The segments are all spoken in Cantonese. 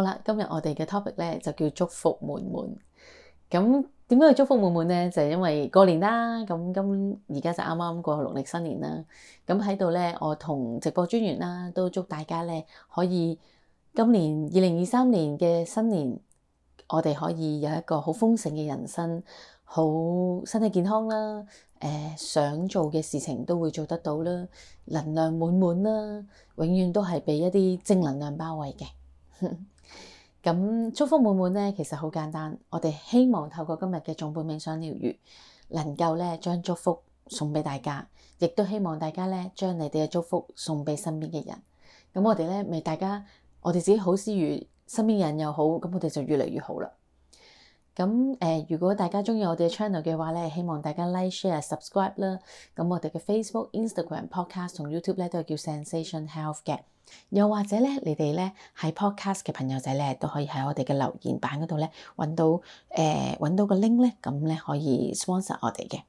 好啦，今日我哋嘅 topic 咧就叫祝福滿滿。咁點解叫祝福滿滿咧？就係因為過年啦。咁今而家就啱啱過農曆新年啦。咁喺度咧，我同直播專員啦，都祝大家咧可以今年二零二三年嘅新年，我哋可以有一個好豐盛嘅人生，好身體健康啦。誒，想做嘅事情都會做得到啦，能量滿滿啦，永遠都係俾一啲正能量包圍嘅。咁祝福滿滿咧，其實好簡單。我哋希望透過今日嘅頌缽冥想療癒，能夠咧將祝福送俾大家，亦都希望大家咧將你哋嘅祝福送俾身邊嘅人。咁我哋呢，為大家，我哋自己好之餘，身邊人又好，咁我哋就越嚟越好啦。咁誒、呃，如果大家中意我哋嘅 channel 嘅話咧，希望大家 like、share、subscribe 啦。咁我哋嘅 Facebook、Instagram、Podcast 同 YouTube 咧都係叫 Zensation Health 嘅。又或者咧，你哋咧喺 Podcast 嘅朋友仔咧都可以喺我哋嘅留言板嗰度咧揾到誒揾、呃、到個 link 咧，咁咧可以 sponsor 我哋嘅。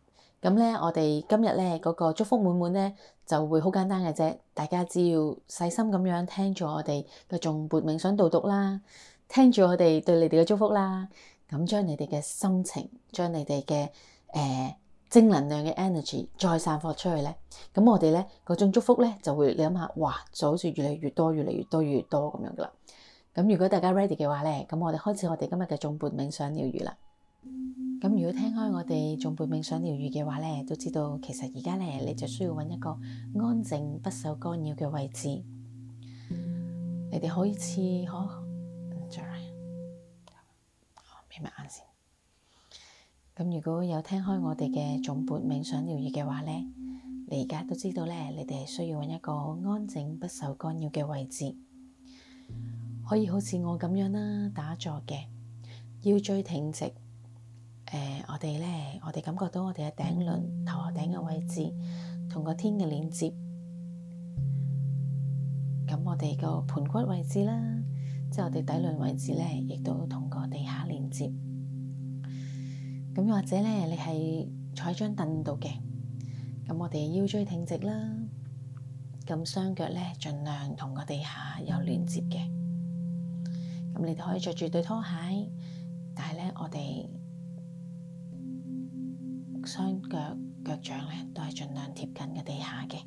咁咧，我哋今日咧嗰個祝福滿滿咧就會好簡單嘅啫。大家只要細心咁樣聽住我哋嘅頌缽冥想導讀啦，聽住我哋對你哋嘅祝福啦。咁將你哋嘅心情，將你哋嘅誒正能量嘅 energy 再散發出去咧，咁我哋咧嗰種祝福咧就會，你諗下，哇，就好似越嚟越多，越嚟越多，越，越多咁樣噶啦。咁如果大家 ready 嘅話咧，咁我哋開始我哋今日嘅頌缽冥想療愈啦。咁 如果聽開我哋頌缽冥想療愈嘅話咧，都知道其實而家咧你就需要揾一個安靜不受干擾嘅位置。你哋開似。可、哦？閉埋眼先。咁如果有聽開我哋嘅頌缽冥想療愈嘅話咧，你而家都知道咧，你哋係需要揾一個安靜、不受干擾嘅位置，可以好似我咁樣啦，打坐嘅，腰椎挺直。誒，我哋咧，我哋感覺到我哋嘅頂輪、頭額頂嘅位置，同個天嘅連接。咁我哋個盆骨位置啦，即係我哋底輪位置咧，亦都同。接咁，又或者咧，你係坐喺張凳度嘅，咁我哋腰椎挺直啦，咁雙腳咧盡量同個地下有連接嘅，咁你哋可以着住對拖鞋，但係咧我哋雙腳腳掌咧都係盡量貼緊個地下嘅，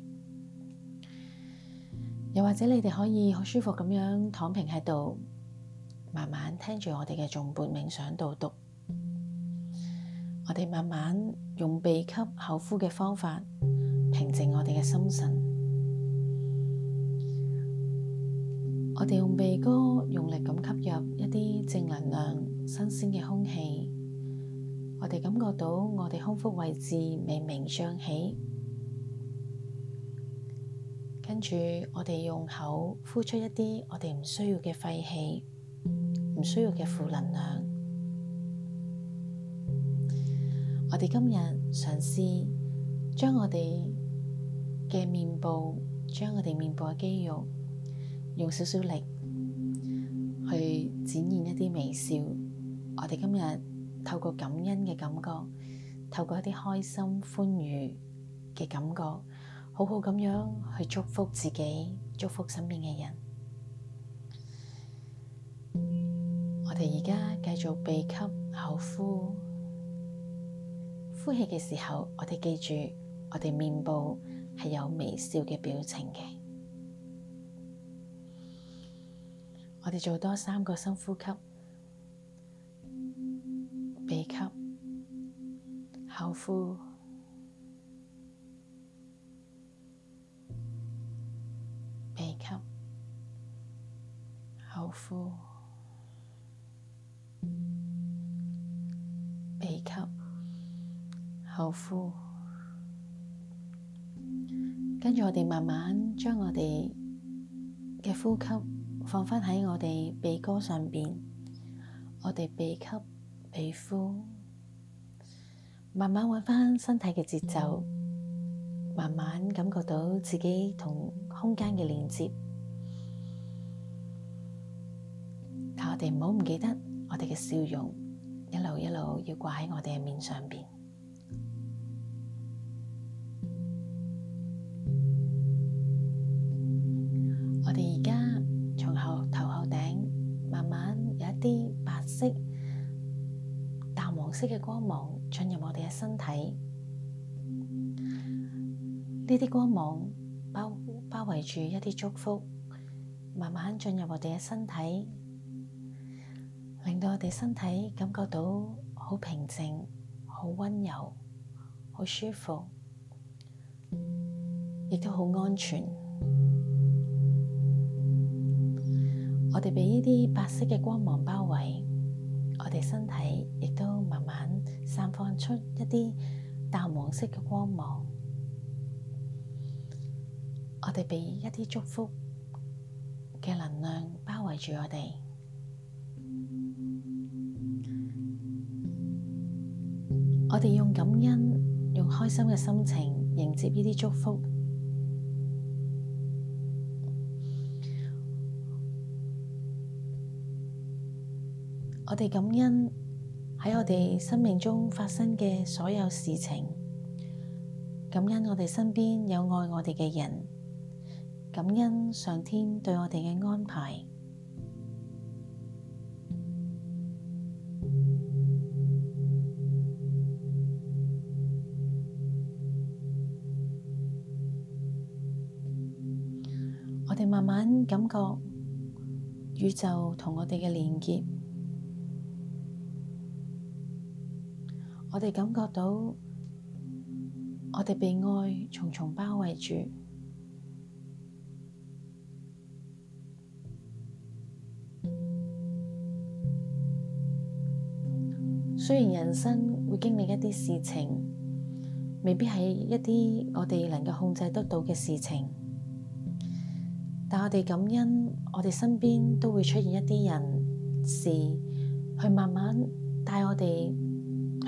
又或者你哋可以好舒服咁樣躺平喺度。慢慢聽住我哋嘅誦缽冥想導讀，我哋慢慢用鼻吸口呼嘅方法平靜我哋嘅心神。我哋用鼻哥用力咁吸入一啲正能量、新鮮嘅空氣，我哋感覺到我哋胸腹位置微微脹起，跟住我哋用口呼出一啲我哋唔需要嘅廢氣。唔需要嘅負能量，我哋今日嘗試將我哋嘅面部，將我哋面部嘅肌肉，用少少力去展現一啲微笑。我哋今日透過感恩嘅感覺，透過一啲開心、歡愉嘅感覺，好好咁樣去祝福自己，祝福身邊嘅人。我哋而家繼續鼻吸口呼，呼氣嘅時候，我哋記住我哋面部係有微笑嘅表情嘅。我哋做多三個深呼吸，鼻吸，口呼，鼻吸，口呼。鼻吸，口呼，跟住我哋慢慢將我哋嘅呼吸放返喺我哋鼻哥上邊，我哋鼻吸鼻呼，慢慢搵返身體嘅節奏，慢慢感覺到自己同空間嘅連接，但我哋唔好唔記得。我哋嘅笑容一路一路要掛喺我哋嘅面上邊。我哋而家從後頭後頂慢慢有一啲白色淡黃色嘅光芒進入我哋嘅身體。呢啲光芒包包圍住一啲祝福，慢慢進入我哋嘅身體。令到我哋身體感覺到好平靜、好溫柔、好舒服，亦都好安全。我哋被呢啲白色嘅光芒包圍，我哋身體亦都慢慢散放出一啲淡黃色嘅光芒。我哋被一啲祝福嘅能量包圍住我哋。我哋用感恩，用開心嘅心情迎接呢啲祝福。我哋感恩喺我哋生命中發生嘅所有事情。感恩我哋身邊有愛我哋嘅人。感恩上天對我哋嘅安排。感覺宇宙同我哋嘅連結，我哋感覺到我哋被愛重重包圍住。雖然人生會經歷一啲事情，未必係一啲我哋能夠控制得到嘅事情。但我哋感恩，我哋身邊都會出現一啲人事，去慢慢帶我哋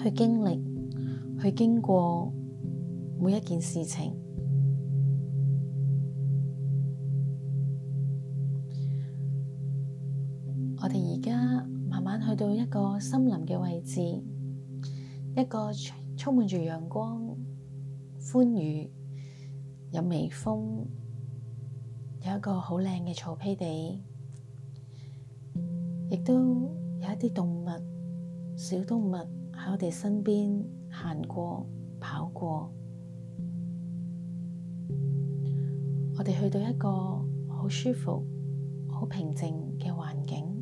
去經歷，去經過每一件事情。我哋而家慢慢去到一個森林嘅位置，一個充滿住陽光、歡愉，有微風。有一個好靚嘅草皮地，亦都有一啲動物、小動物喺我哋身邊行過、跑過，我哋去到一個好舒服、好平靜嘅環境。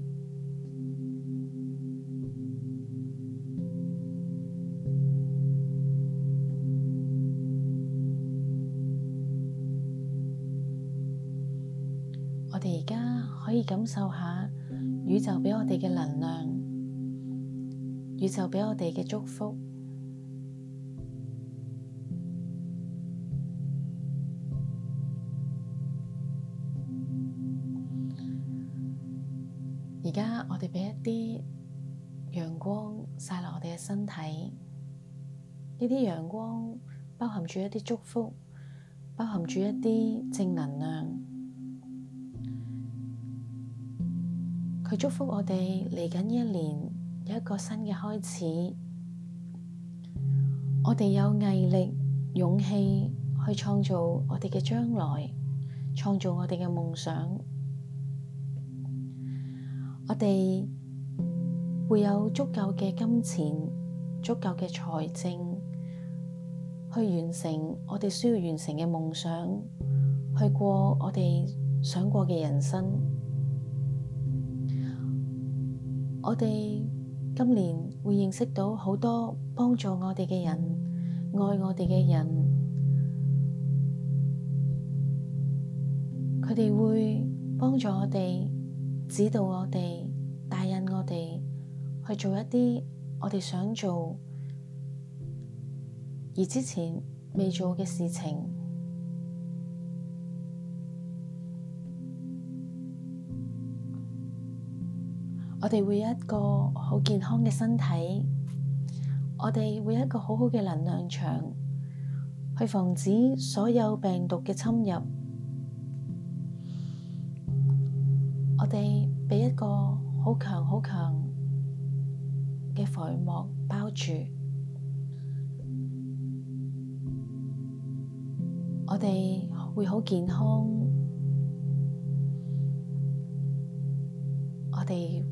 感受下宇宙畀我哋嘅能量，宇宙畀我哋嘅祝福。而家我哋畀一啲陽光曬落我哋嘅身體，呢啲陽光包含住一啲祝福，包含住一啲正能量。祝福我哋嚟緊一年有一個新嘅開始，我哋有毅力、勇氣去創造我哋嘅將來，創造我哋嘅夢想。我哋會有足夠嘅金錢、足夠嘅財政，去完成我哋需要完成嘅夢想，去過我哋想過嘅人生。我哋今年會認識到好多幫助我哋嘅人，愛我哋嘅人，佢哋會幫助我哋，指導我哋，帶引我哋去做一啲我哋想做而之前未做嘅事情。我哋會有一個好健康嘅身體，我哋會有一個好好嘅能量場，去防止所有病毒嘅侵入。我哋畀一個好強、好強嘅防護膜包住，我哋會好健康，我哋。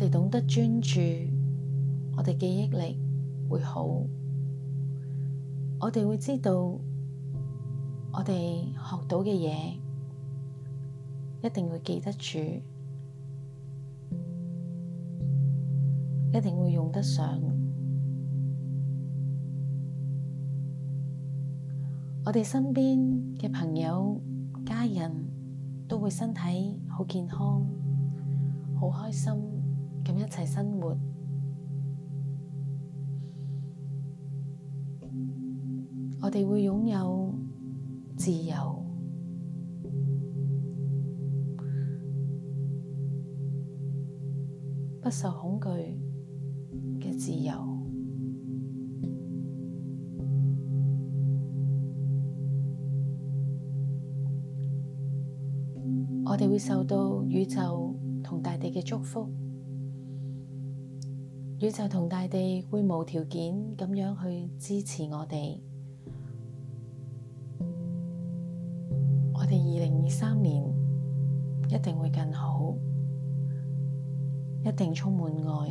我哋懂得專注，我哋記憶力會好，我哋會知道我哋學到嘅嘢一定會記得住，一定會用得上。我哋身邊嘅朋友、家人都會身體好健康，好開心。咁一齊生活，我哋會擁有自由，不受恐懼嘅自由。我哋會受到宇宙同大地嘅祝福。宇宙同大地會無條件咁樣去支持我哋。我哋二零二三年一定會更好，一定充滿愛，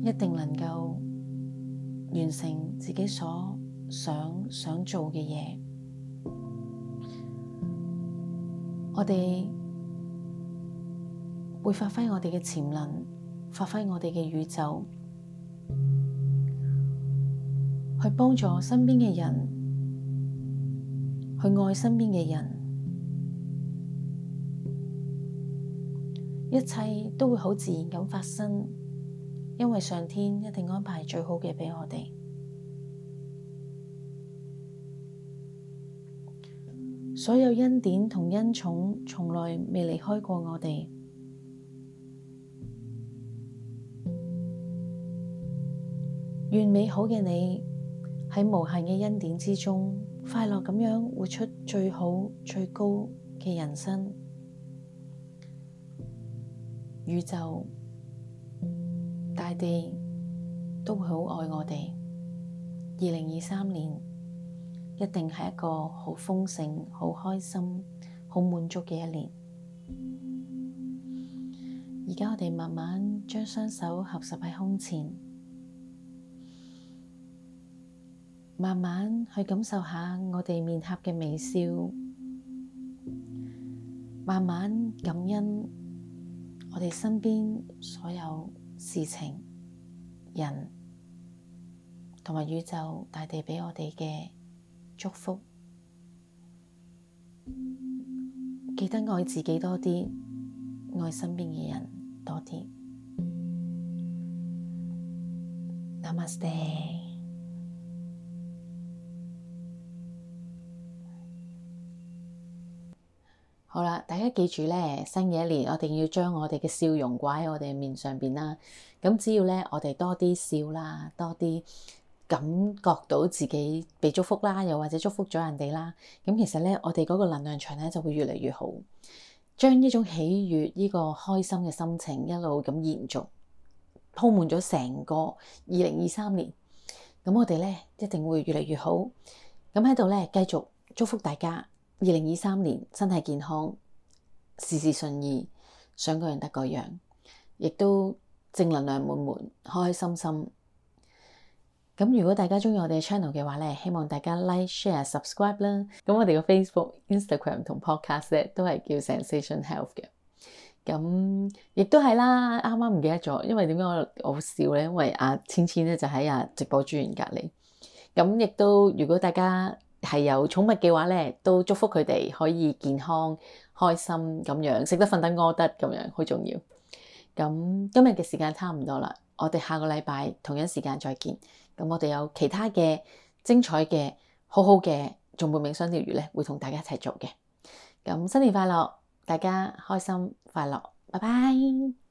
一定能夠完成自己所想想做嘅嘢。我哋。會發揮我哋嘅潛能，發揮我哋嘅宇宙，去幫助身邊嘅人，去愛身邊嘅人，一切都會好自然咁發生，因為上天一定安排最好嘅畀我哋。所有恩典同恩寵從來未離開過我哋。願美好嘅你喺無限嘅恩典之中，快樂咁樣活出最好、最高嘅人生。宇宙、大地都會好愛我哋。二零二三年一定係一個好豐盛、好開心、好滿足嘅一年。而家我哋慢慢將雙手合十喺胸前。慢慢去感受下我哋面頰嘅微笑，慢慢感恩我哋身邊所有事情、人同埋宇宙大地畀我哋嘅祝福。記得愛自己多啲，愛身邊嘅人多啲。Namaste。好啦，大家記住咧，新嘅一年我哋要將我哋嘅笑容掛喺我哋面上邊啦。咁只要咧，我哋多啲笑啦，多啲感覺到自己被祝福啦，又或者祝福咗人哋啦。咁其實咧，我哋嗰個能量場咧就會越嚟越好，將呢種喜悅、呢個開心嘅心情一路咁延續，鋪滿咗成個二零二三年。咁我哋咧一定會越嚟越好。咁喺度咧，繼續祝福大家。二零二三年，身體健康，事事順意，想個樣得個樣，亦都正能量滿滿，開開心心。咁如果大家中意我哋嘅 channel 嘅話咧，希望大家 like、share、subscribe 啦。咁我哋嘅 Facebook、Instagram 同 Podcast 咧都係叫 Zensation Health 嘅。咁亦都係啦，啱啱唔記得咗，因為點解我好笑咧？因為阿、啊、千千咧就喺啊直播主任隔離。咁亦都，如果大家，係有寵物嘅話咧，都祝福佢哋可以健康、開心咁樣，食得、瞓得、屙得咁樣，好重要。咁今日嘅時間差唔多啦，我哋下個禮拜同一時間再見。咁我哋有其他嘅精彩嘅、好好嘅頌缽冥想節目咧，會同大家一齊做嘅。咁新年快樂，大家開心快樂，拜拜。